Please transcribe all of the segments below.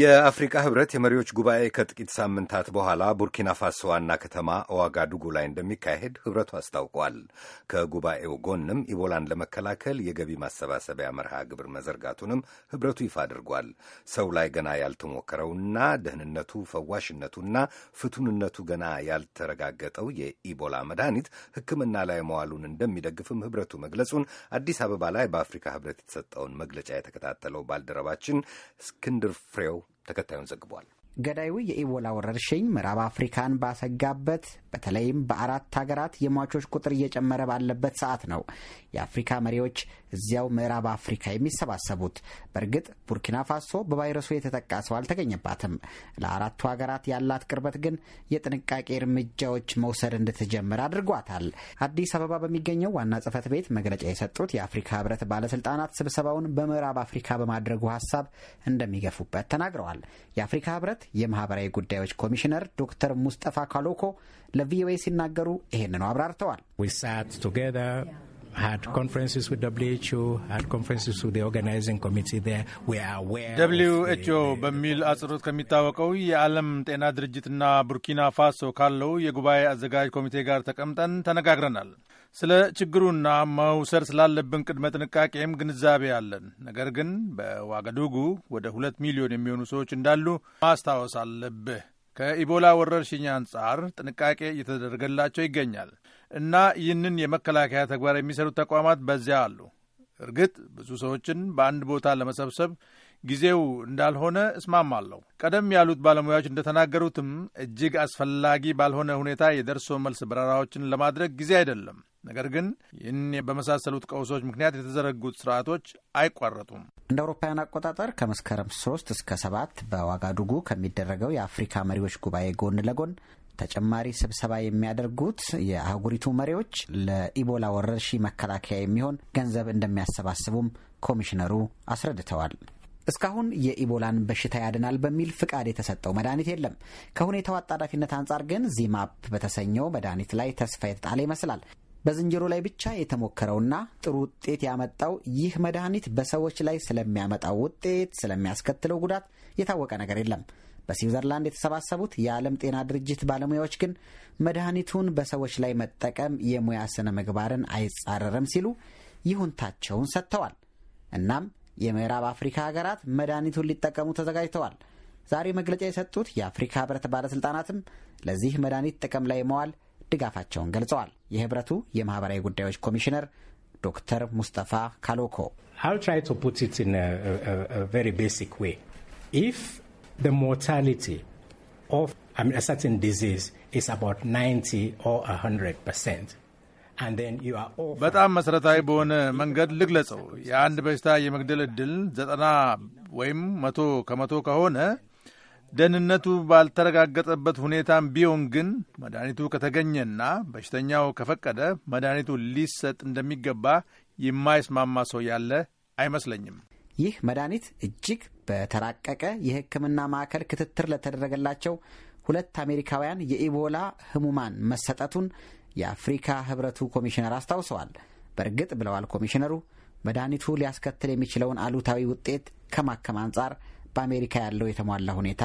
የአፍሪካ ህብረት የመሪዎች ጉባኤ ከጥቂት ሳምንታት በኋላ ቡርኪና ፋሶ ዋና ከተማ ኦዋጋዱጉ ላይ እንደሚካሄድ ህብረቱ አስታውቋል። ከጉባኤው ጎንም ኢቦላን ለመከላከል የገቢ ማሰባሰቢያ መርሃ ግብር መዘርጋቱንም ህብረቱ ይፋ አድርጓል። ሰው ላይ ገና ያልተሞከረውና ደህንነቱ፣ ፈዋሽነቱና ፍቱንነቱ ገና ያልተረጋገጠው የኢቦላ መድኃኒት ሕክምና ላይ መዋሉን እንደሚደግፍም ህብረቱ መግለጹን አዲስ አበባ ላይ በአፍሪካ ህብረት የተሰጠውን መግለጫ የተከታተለው ባልደረባችን እስክንድር ፍሬው ተከታዩን ዘግቧል። ገዳዩ የኢቦላ ወረርሽኝ ምዕራብ አፍሪካን ባሰጋበት በተለይም በአራት ሀገራት የሟቾች ቁጥር እየጨመረ ባለበት ሰዓት ነው የአፍሪካ መሪዎች እዚያው ምዕራብ አፍሪካ የሚሰባሰቡት። በእርግጥ ቡርኪና ፋሶ በቫይረሱ የተጠቃ ሰው አልተገኘባትም። ለአራቱ ሀገራት ያላት ቅርበት ግን የጥንቃቄ እርምጃዎች መውሰድ እንድትጀምር አድርጓታል። አዲስ አበባ በሚገኘው ዋና ጽህፈት ቤት መግለጫ የሰጡት የአፍሪካ ህብረት ባለስልጣናት ስብሰባውን በምዕራብ አፍሪካ በማድረጉ ሀሳብ እንደሚገፉበት ተናግረዋል። የአፍሪካ ህብረት የማህበራዊ ጉዳዮች ኮሚሽነር ዶክተር ሙስጠፋ ካሎኮ ለቪኦኤ ሲናገሩ ይህንኑ አብራርተዋል። ደብሊው ኤችኦ በሚል አጽሮት ከሚታወቀው የዓለም ጤና ድርጅትና ቡርኪና ፋሶ ካለው የጉባኤ አዘጋጅ ኮሚቴ ጋር ተቀምጠን ተነጋግረናል። ስለ ችግሩና መውሰድ ስላለብን ቅድመ ጥንቃቄም ግንዛቤ አለን። ነገር ግን በዋገዱጉ ወደ ሁለት ሚሊዮን የሚሆኑ ሰዎች እንዳሉ ማስታወስ አለብህ። ከኢቦላ ወረርሽኝ አንጻር ጥንቃቄ እየተደረገላቸው ይገኛል እና ይህንን የመከላከያ ተግባር የሚሰሩት ተቋማት በዚያ አሉ። እርግጥ ብዙ ሰዎችን በአንድ ቦታ ለመሰብሰብ ጊዜው እንዳልሆነ እስማማለሁ። ቀደም ያሉት ባለሙያዎች እንደተናገሩትም እጅግ አስፈላጊ ባልሆነ ሁኔታ የደርሶ መልስ በረራዎችን ለማድረግ ጊዜ አይደለም። ነገር ግን ይህን በመሳሰሉት ቀውሶች ምክንያት የተዘረጉት ስርዓቶች አይቋረጡም። እንደ አውሮፓውያን አቆጣጠር ከመስከረም ሶስት እስከ ሰባት በዋጋዱጉ ከሚደረገው የአፍሪካ መሪዎች ጉባኤ ጎን ለጎን ተጨማሪ ስብሰባ የሚያደርጉት የአህጉሪቱ መሪዎች ለኢቦላ ወረርሺ መከላከያ የሚሆን ገንዘብ እንደሚያሰባስቡም ኮሚሽነሩ አስረድተዋል። እስካሁን የኢቦላን በሽታ ያድናል በሚል ፍቃድ የተሰጠው መድኃኒት የለም። ከሁኔታው አጣዳፊነት አንጻር ግን ዚማፕ በተሰኘው መድኃኒት ላይ ተስፋ የተጣለ ይመስላል። በዝንጀሮ ላይ ብቻ የተሞከረውና ጥሩ ውጤት ያመጣው ይህ መድኃኒት በሰዎች ላይ ስለሚያመጣው ውጤት፣ ስለሚያስከትለው ጉዳት የታወቀ ነገር የለም። በስዊዘርላንድ የተሰባሰቡት የዓለም ጤና ድርጅት ባለሙያዎች ግን መድኃኒቱን በሰዎች ላይ መጠቀም የሙያ ስነ ምግባርን አይጻረርም ሲሉ ይሁንታቸውን ሰጥተዋል። እናም የምዕራብ አፍሪካ ሀገራት መድኃኒቱን ሊጠቀሙ ተዘጋጅተዋል። ዛሬ መግለጫ የሰጡት የአፍሪካ ህብረት ባለሥልጣናትም ለዚህ መድኃኒት ጥቅም ላይ መዋል ድጋፋቸውን ገልጸዋል። የህብረቱ የማኅበራዊ ጉዳዮች ኮሚሽነር ዶክተር ሙስጠፋ ካሎኮ ሞርታሊቲ በጣም መሰረታዊ በሆነ መንገድ ልግለጸው። የአንድ በሽታ የመግደል ዕድል ዘጠና ወይም መቶ ከመቶ ከሆነ ደህንነቱ ባልተረጋገጠበት ሁኔታም ቢሆን ግን መድኃኒቱ ከተገኘና በሽተኛው ከፈቀደ መድኃኒቱ ሊሰጥ እንደሚገባ የማይስማማ ሰው ያለ አይመስለኝም። ይህ መድኃኒት እጅግ በተራቀቀ የሕክምና ማዕከል ክትትር ለተደረገላቸው ሁለት አሜሪካውያን የኢቦላ ህሙማን መሰጠቱን የአፍሪካ ህብረቱ ኮሚሽነር አስታውሰዋል። በእርግጥ ብለዋል ኮሚሽነሩ መድኃኒቱ ሊያስከትል የሚችለውን አሉታዊ ውጤት ከማከም አንጻር በአሜሪካ ያለው የተሟላ ሁኔታ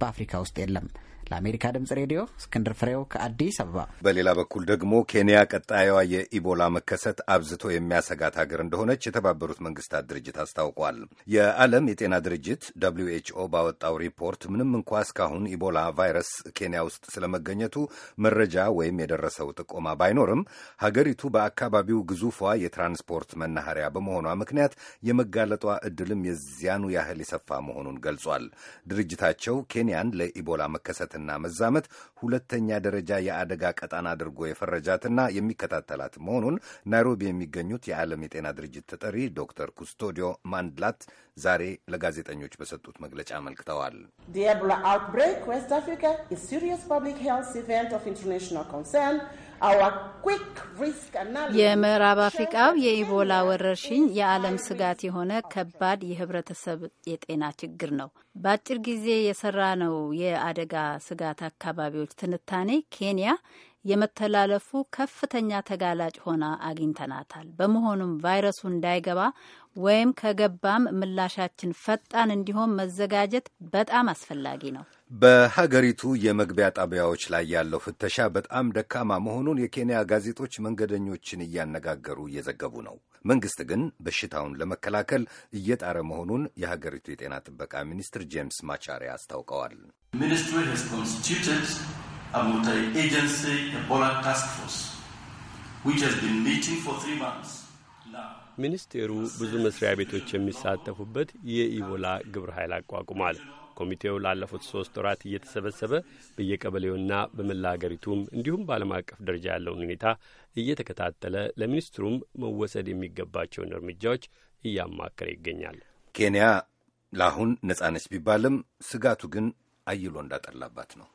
በአፍሪካ ውስጥ የለም። ለአሜሪካ ድምጽ ሬዲዮ እስክንድር ፍሬው ከአዲስ አበባ። በሌላ በኩል ደግሞ ኬንያ ቀጣዩዋ የኢቦላ መከሰት አብዝቶ የሚያሰጋት ሀገር እንደሆነች የተባበሩት መንግስታት ድርጅት አስታውቋል። የዓለም የጤና ድርጅት ደብልዩ ኤችኦ ባወጣው ሪፖርት ምንም እንኳ እስካሁን ኢቦላ ቫይረስ ኬንያ ውስጥ ስለመገኘቱ መረጃ ወይም የደረሰው ጥቆማ ባይኖርም ሀገሪቱ በአካባቢው ግዙፏ የትራንስፖርት መናኸሪያ በመሆኗ ምክንያት የመጋለጧ እድልም የዚያኑ ያህል የሰፋ መሆኑን ገልጿል። ድርጅታቸው ኬንያን ለኢቦላ መከሰት መሰራጨትና መዛመት ሁለተኛ ደረጃ የአደጋ ቀጣና አድርጎ የፈረጃትና የሚከታተላት መሆኑን ናይሮቢ የሚገኙት የዓለም የጤና ድርጅት ተጠሪ ዶክተር ኩስቶዲዮ ማንድላት ዛሬ ለጋዜጠኞች በሰጡት መግለጫ አመልክተዋል። The Ebola outbreak West Africa is serious public health event of international concern. የምዕራብ አፍሪቃው የኢቦላ ወረርሽኝ የዓለም ስጋት የሆነ ከባድ የህብረተሰብ የጤና ችግር ነው። በአጭር ጊዜ የሰራ ነው የአደጋ ስጋት አካባቢዎች ትንታኔ ኬንያ የመተላለፉ ከፍተኛ ተጋላጭ ሆና አግኝተናታል። በመሆኑም ቫይረሱ እንዳይገባ ወይም ከገባም ምላሻችን ፈጣን እንዲሆን መዘጋጀት በጣም አስፈላጊ ነው። በሀገሪቱ የመግቢያ ጣቢያዎች ላይ ያለው ፍተሻ በጣም ደካማ መሆኑን የኬንያ ጋዜጦች መንገደኞችን እያነጋገሩ እየዘገቡ ነው። መንግስት ግን በሽታውን ለመከላከል እየጣረ መሆኑን የሀገሪቱ የጤና ጥበቃ ሚኒስትር ጄምስ ማቻሪ አስታውቀዋል። ሚኒስቴሩ ብዙ መስሪያ ቤቶች የሚሳተፉበት የኢቦላ ግብረ ኃይል አቋቁሟል። ኮሚቴው ላለፉት ሶስት ወራት እየተሰበሰበ በየቀበሌውና በመላ አገሪቱም እንዲሁም በዓለም አቀፍ ደረጃ ያለውን ሁኔታ እየተከታተለ ለሚኒስትሩም መወሰድ የሚገባቸውን እርምጃዎች እያማከረ ይገኛል። ኬንያ ለአሁን ነጻነች ቢባልም ስጋቱ ግን አይሎ እንዳጠላባት ነው።